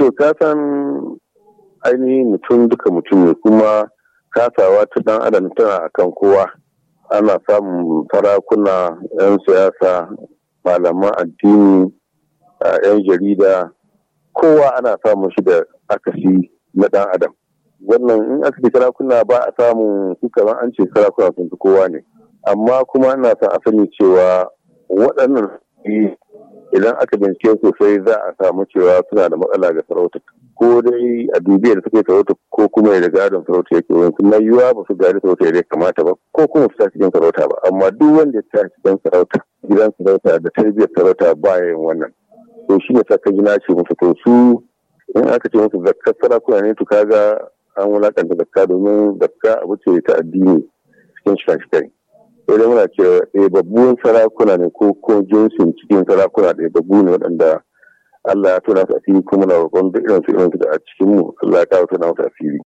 to ka san ainihin mutum duka mutum ne kuma kasawa ta dan adam tana akan kowa ana samun farakuna 'yan siyasa malaman addini 'yan jarida kowa ana samun shi da akasi na dan adam wannan in aka sarakuna ba a samun su kamar an ce sarakuna sun fi kowa ne amma kuma ana son a sani cewa waɗannan idan aka bincike sosai za a samu cewa suna da matsala ga sarauta ko dai a dubiya da suke sarauta ko kuma ya gadon sarauta yake wani kuma yiwuwa ba su gari sarauta ya kamata ba ko kuma su tashi cikin sarauta ba amma duk wanda ya tashi cikin sarauta gidan sarauta da tarbiyyar sarauta bayan wannan to shi ne saka gina ce musu to su in aka ce musu zakka sarakuna ne to kaga an wulakanta zakka domin zakka abu ce ta addini cikin shi idan muna cewa ɗaibabbun eh, sarakuna ne ko ko jinsin cikin sarakuna babu ne waɗanda Allah ya tuna su asiri kuma na babban duk irin su irin su da a cikinmu mu Allah ya kawo tona su asiri